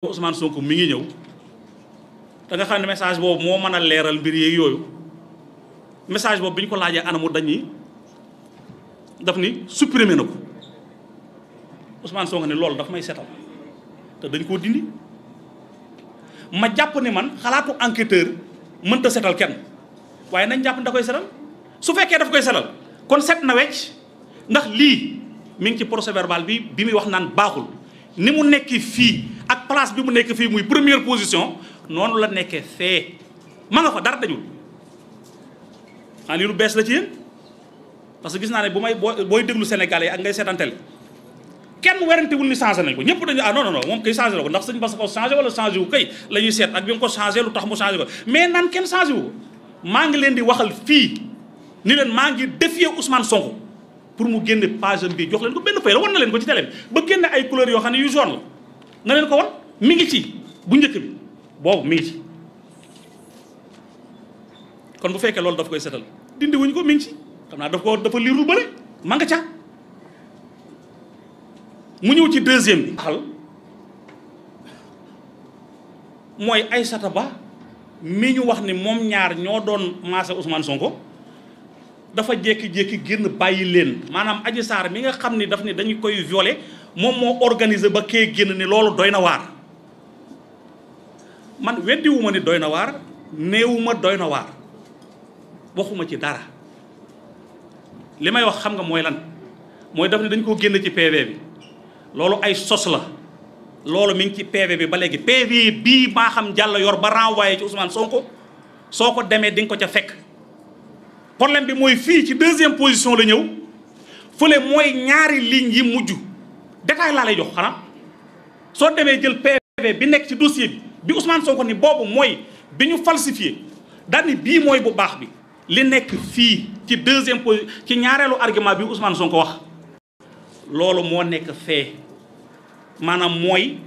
Ousmane Sonko mi ngi ñëw da xam ne message boobu moo mën a leeral mbir yeeg yooyu message boobu bi ñu ko laajee anamu dañuy daf ni supprimer na ko Ousmane Sonko ne loolu daf may setal te dañ koo dindi ma jàpp ne man xalaatu enquêteur mënta setal kenn waaye nañ jàpp ne da koy setal su fekkee daf koy setal kon set na wecc ndax lii mu ngi ci procès verbal bi bi muy wax naan baaxul ni mu nekk fii. ak place bi mu nekk fii muy première position noonu la nekkee fee ma nga fa dara dañul xanaa lii lu bees la ci yéen parce que gis naa ne bu may booy déglu Sénégalais yi ak ngay seetanteel kenn werantewul ni changé nañ ko ñëpp dañu ah non non moom kay changé na ko ndax sëñ Bass ko changé wala changé wu kay la seet ak bi nga ko changé lu tax mu changé ko mais naan kenn changé wu maa ngi leen di waxal fii ni leen maa ngi défier Ousmane Sonko pour mu génne page am bi jox yoo xam ne yu na leen ko wan mi ngi ci bu njëkk bi boobu mi ngi ci kon bu fekkee loolu daf koy setal dindi wuñ ko mi ngi ci xam naa daf ko dafa liir lu bëri ma nga ca mu ñëw ci deuxième bi xal mooy Aïssata Ba mi ñu wax ni moom ñaar ñoo doon maase Ousmane Sonko dafa jékki-jékki génn bàyyi leen maanaam Adji saar mi nga xam ni daf ni dañu koy violer moom moo organisé ba kee génn ni loolu doy na waar man weddiwuma ni doy na waar néewuma doy na waar waxuma ci dara li may wax xam nga mooy lan mooy daf ne dañ koo génn ci PV bi loolu ay sos la loolu mi ngi ci PV bi ba léegi PV bii maa xam jàll yor ba renvoyé ci Ousmane Sonko soo ko demee di nga ko ca fekk problème bi mooy fii ci deuxième position la ñëw fële mooy ñaari ligne yi mujj détail laa lay jox xanaa soo demee jël PV bi nekk ci dossier bi bi Sonko ni boobu mooy bi ñu falsifié daal bii mooy bu baax bi li nekk fii ci deuxième po ci ñaareelu argument bi Ousmane Sonko wax loolu moo nekk fee maanaam mooy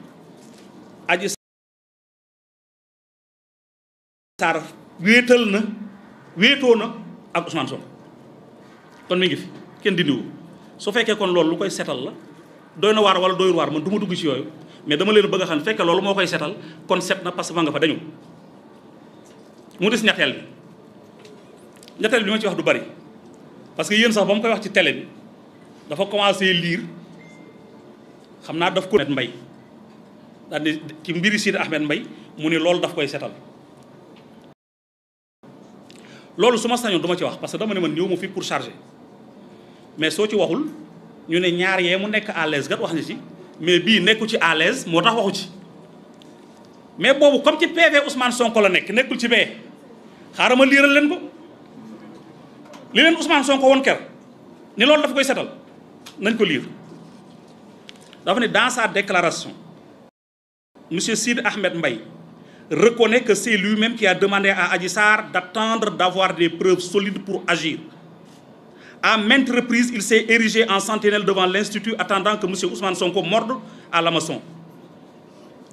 aji Sarr wéetal na wéetoo na ak Ousmane Sonko kon mi ngi fi kenn dindiwu su fekkee kon loolu lu koy setal la doy na waar wala doyul waar man du ma dugg ci yooyu mais dama leen bëgg a xam fekk loolu moo koy setal kon set na parce que ma nga fa dañu mu des ñetteel bi ñetteel bi ma ci wax du bari parce que yéen sax ba mu koy wax ci télé bi dafa commencé liir xam naa daf ko Ahmed Mbaye daal di ci mbiri Sidi Ahmed mbay mu ne loolu daf koy setal loolu su ma sañoon du ci wax parce que dama ne man ñëw ma fii pour charger mais soo ci waxul ñu ne ñaar yee mu nekk à l'aise gat wax na ci mais bii nekku ci à l'aise moo tax waxu ci mais boobu comme ci PV Ousmane Sonko la nekk nekkul ci bee xaaral ma liiral leen ko li leen Ousmane Sonko woon ker ni loolu dafa koy setal nañ ko liir dafa ne dans sa déclaration monsieur Sid Ahmed Mbaye reconnaît que c'est lui-même qui a demandé à Adji Sarr d'attendre d'avoir des preuves solides pour agir À maintes reprises, il s'est érigé en sentinelle devant l'Institut, attendant que M. Ousmane Sonko morde à l'hameçon.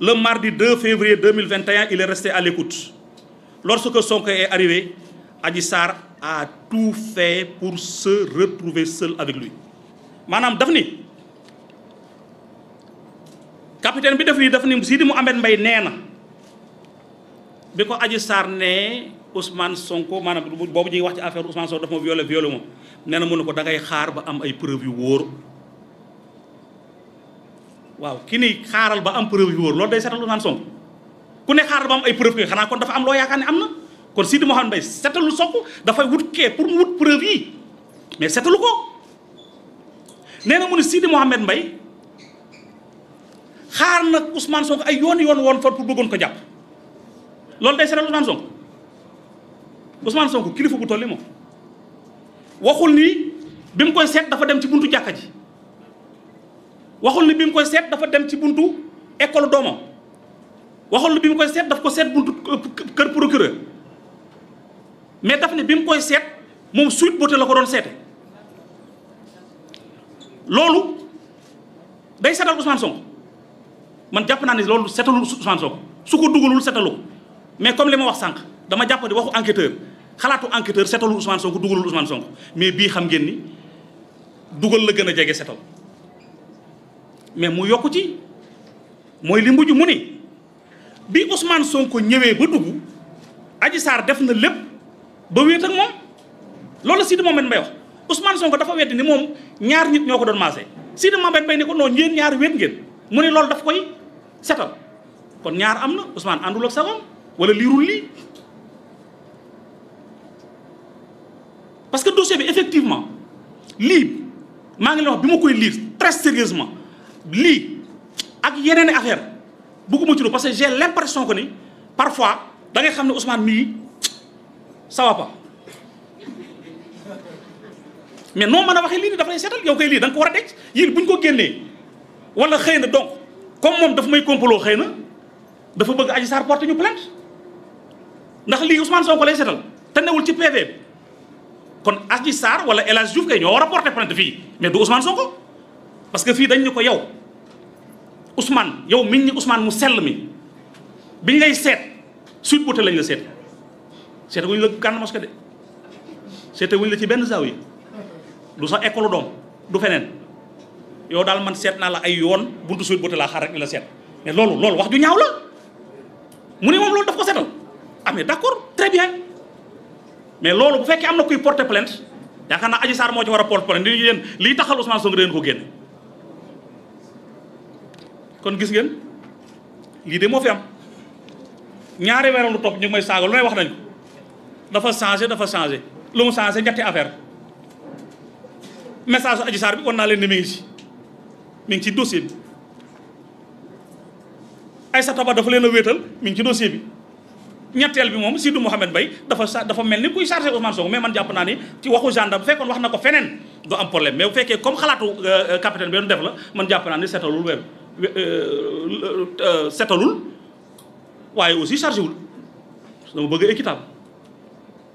Le mardi 2 février 2021, il est resté à l'écoute. Lorsque Sonko est arrivé, Adissar a tout fait pour se retrouver seul avec lui. Madame Daphne, capitaine bi def lii daf ni Sidi Mouhamed Mbaye nee na bi ko Adji Sarr ne Ousmane Sonko maanaam boobu ñuy wax ci affaire Ousmane Sonko dafa ma violé violé moom nee na mu ko da ngay xaar ba am ay preuve yu wóor waaw ki ni xaaral ba am preuve yu wóor loolu day seetal Ousmane Sonko ku ne xaaral am ay preuve xanaa kon dafa am am na kon Sidi Mouhamed Mbaye seetalu dafay wut kee mais seetalu ko nee na mu ne Sidi Mouhamed Mbaye nag Ousmane Sonko ay yoon yoon woon for bëggoon ko jàpp loolu day seetal Ousmane Sonko kilifa bu toll nii moom waxul ni bi mu koy seet dafa dem ci buntu jàkka ji waxul ni bi mu koy seet dafa dem ci buntu école doomam waxul ni bi mu koy seet daf ko seet buntu kër procureur mais daf ne bi mu koy seet moom suite boote la ko doon seete loolu day seetal Ousmane Sonko man jàpp naa ne loolu seetalul Ousmane Sonko su ko dugalul seetalu mais comme li ma wax sànq dama jàpp di waxu enquêteur xalaatu enquêteur setalul Ousmane Sonko dugalul Ousmane Sonko mais bii xam ngeen ni dugal la gën a jege setal mais mu yokku ci mooy li mujj mu ni bi Ousmane Sonko ñëwee ba dugg Adji Sarr def na lépp ba wéet ak moom loolu Sidi Mohamed Mbaye wax Ousmane Sonko dafa weddi ni moom ñaar nit ñoo ko doon maase Sidi Mohamed Mbaye ni ko noonu yéen ñaar wéet ngeen mu ne loolu daf koy setal kon ñaar am na Ousmane àndul ak sagom wala liirul lii parce que dossier bi effectivement lii maa ngi la wax bi ma koy lire très sérieusement lii ak yeneen affaire bëgguma ci parce que j'ai l'impression que ni parfois da ngay xam ne Ousmane mii ça mais noo mën a waxee lii nii dafa lay seetal yow koy lii da ko war a denc yéen bu ñu ko génnee wala xëy na donc comme moom dafa may complot xëy na dafa bëgg Adji Sarr porter ñu plainte ndax lii Ousmane ko lay seetal te newul ci PV kon Adji Sarr wala El Hadj Diouf kay ñoo war a porter plainte fii mais du Ousmane Sonko parce que fii dañ ñu ko yow Ousmane yow miñ ni Ousmane mu sell mi biñ lay seet suite boote lañ la seet seete wuñ la gànn mosquée de seete ci benn zaaw yi du sax école doom du feneen yow daal man seet naa la ay yoon buntu suite boote laa xaar rek la seet mais loolu loolu wax ju ñaaw la mu ne moom loolu daf ko seetal ah mais très bien mais loolu bu fekkee am na kuy porter plainte yaakaar naa Adji Sarr moo ci war a porter plainte li yéen lii taxal Ousmane Sonko deen ko génne gis ngeen lii de moo fi am ñaari weeram lu topp ñu may saaga lu ne wax nañ dafa changé dafa changé lu mu changé ñetti affaire message su Adji bi wan naa leen ne mi ngi ci mi ngi ci dossier bi Aïssata dafa leen a wéetal mi ngi ci dossier bi ñetteel bi moom Sidou Mohamed Mbaye dafa sa dafa mel ni kuy chargé Ousmane Sonko mais man jàpp naa ni ci waxu gendarme bu fekkoon wax na ko feneen du am problème mais bu fekkee comme xalaatu euh, euh, capitaine bi doon def la man jàpp naa ni seetalul weer euh, seetalul waaye aussi chargé wul dama bëgg équitable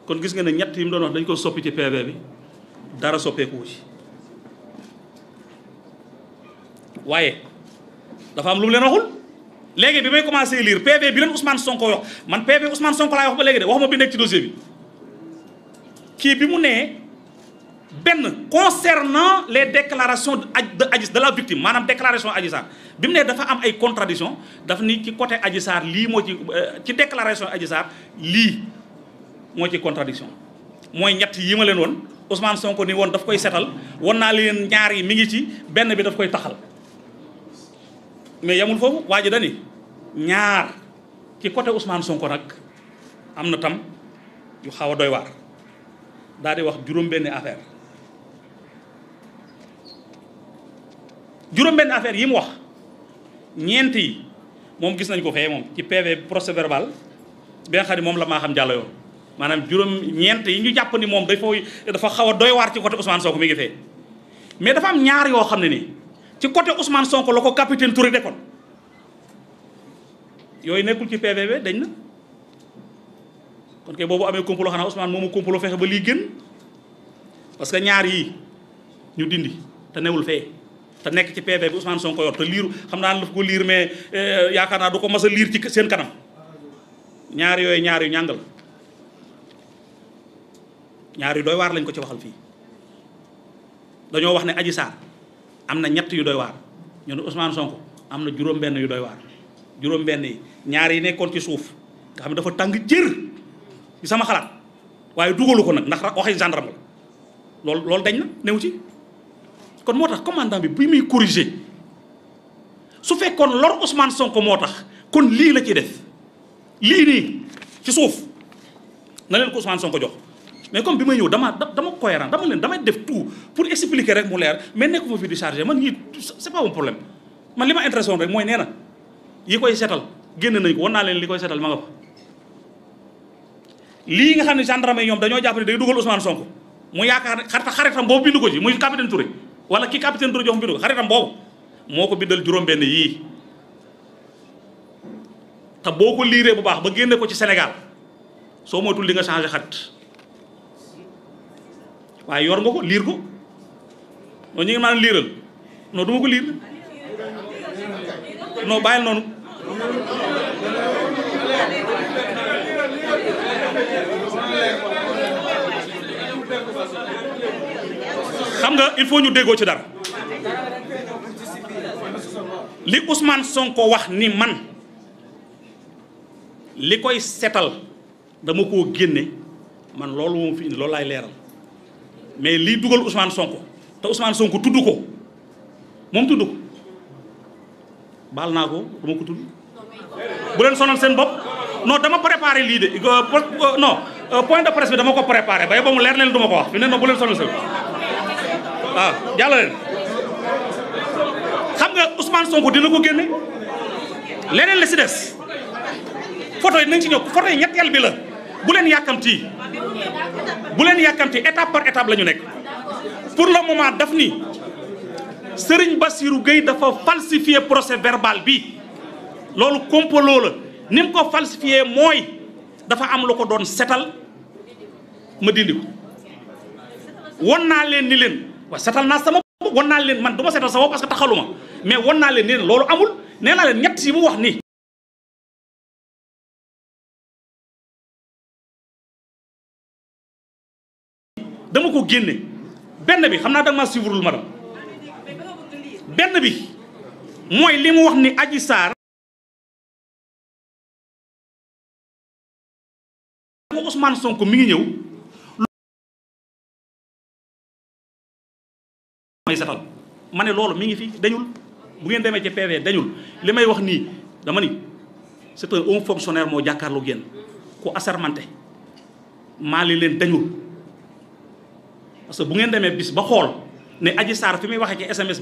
kon gis nga ne ñett yi doon wax dañ ko soppi ci PV bi dara soppeeku ci waaye dafa am lu mu leen waxul. léegi bi may commencé lire PV bi leen Ousmane Sonko wax man PV Ousmane Sonko laay wax ba léegi de waxuma bi nekk ci dossier bi kii bi mu nee benn concernant les déclaration de Adji de la victime maanaam déclaration Adji Sarr bi mu nee dafa am ay contradiction dafa ni ci côté Adji Sarr lii moo ci euh, ci déclaration Adji Sarr lii moo ci contradiction mooy ñett yi ma leen woon Ousmane Sonko ni woon daf koy setal won naa leen ñaar yi mi ngi ci benn bi daf koy taxal mais yamul foofu waa ji dani ñaar ci côté Ousmane Sonko nag am na tam yu xaw a doy waar daal di wax juróom-benn affaire juróom-benn affaire yi mu wax ñeent yi moom gis nañ ko fee moom ci PV procès verbal bi nga xam moom la maa xam jàll yoon maanaam juróom ñeent yi ñu jàpp ni moom dafa dafa xaw a doy waar ci côté Ousmane Sonko mi ngi fee mais dafa am ñaar yoo xam ne nii. ci côté Ousmane Sonko la ko capitaine de defoon yooyu nekkul ci PVB dañ na kon kay boobu amee complot xanaa Ousmane moomu complot fexe ba lii gën parce que ñaar yii ñu dindi te newul fee te nekk ci PV bi Ousmane Sonko yor te liiru xam naa ne daf ko liir mais euh, yaakaar naa du ko mas a liir ci seen kanam ñaar yooyu ñaar yu ñàngal ñaar yu doy waar lañ ko ci waxal fii dañoo wax ne Adji Sarr am na ñett yu doy waar ñu ne Ousmane Sonko am na juróom-benn yu doy waar juróom-benn yi ñaar yi nekkoon ci suuf nga xam ne dafa tàng jër ci sama xalaat waaye dugalu ko nag ndax waxi gendarme la loolu loolu dañ na néew ci. kon moo tax commandant bi bi muy corriger su fekkoon lor Ousmane Sonko moo tax kon lii la ci def lii nii ci suuf na leen ko Ousmane Sonko jox. mais comme bi may ñëw dama dama cohérent dama leen damay def tout pour expliquer rek mu leer mais nekk ma fi di chargé man ñii c'est pas un problème man li ma intéressé woon rek mooy nee na yi koy setal génne nañ ko wan naa leen li koy setal ma nga fa lii nga xam ne gendarme yi ñoom dañoo jàpp ne day dugal Ousmane Sonko mu yaakaar ne xarita xaritam boobu bindu ko ci muy capitaine Touré wala ki capitaine Touré jox bindu ko xaritam moo ko bindal juróom-benn yii te boo ko liiree ba génne ko ci Sénégal soo moytul li nga changé xarit waaye yor nga ko liir ko non ñu ngi maanaam liiral non du ko liir non bàyyil noonu xam nga il faut ñu déggoo ci dara li son Sonko wax ni man li koy setal dama koo génne man loolu moom fi loolu lay leeral mais lii dugal Ousmane Sonko te Ousmane Sonko tudd ko moom tuddu ko baal naa ko dama ko tudd bu leen sonal seen bopp non dama préparé lii de euh, euh, non euh, point de presse bi dama ko préparé bay ba mu leer leen duma ko wax fi ne non bu leen sonal seen waaw ah, xam nga Ousmane Sonko dina ko génne leneen li si des photo yi nañ ci ñëw photo yi ñetteel bi la bu leen yàkkamti bu leen yàkkamti étape par étape la ñu nekk pour le moment daf ni Serigne Bassirou Gueye dafa falsifier procès verbal bi loolu complot la ni mu ko falsifier mooy dafa am lu ko doon setal ma dindi ko won naa leen ni leen waaw setal naa sama bopp won naa leen man du ma setal sama bopp parce que taxalu ma mais won naa leen ni leen loolu amul nee leen ñett yi mu wax nii dama ko génne benn bi xam naa danga maa suivrul madame benn bi mooy li mu wax ni aji Sarr bu Ousmane mi ngi ñëw may setal ma ne loolu mi ngi fi dañul bu ngeen demee ci PV dañul li may wax nii dama ni c'est un haut fonctionnaire moo jàkkaarloo génn ku assermenté maa li leen dañul parce que bu ngeen demee bis ba xool ne Adji Sarr fi muy waxee ci SMS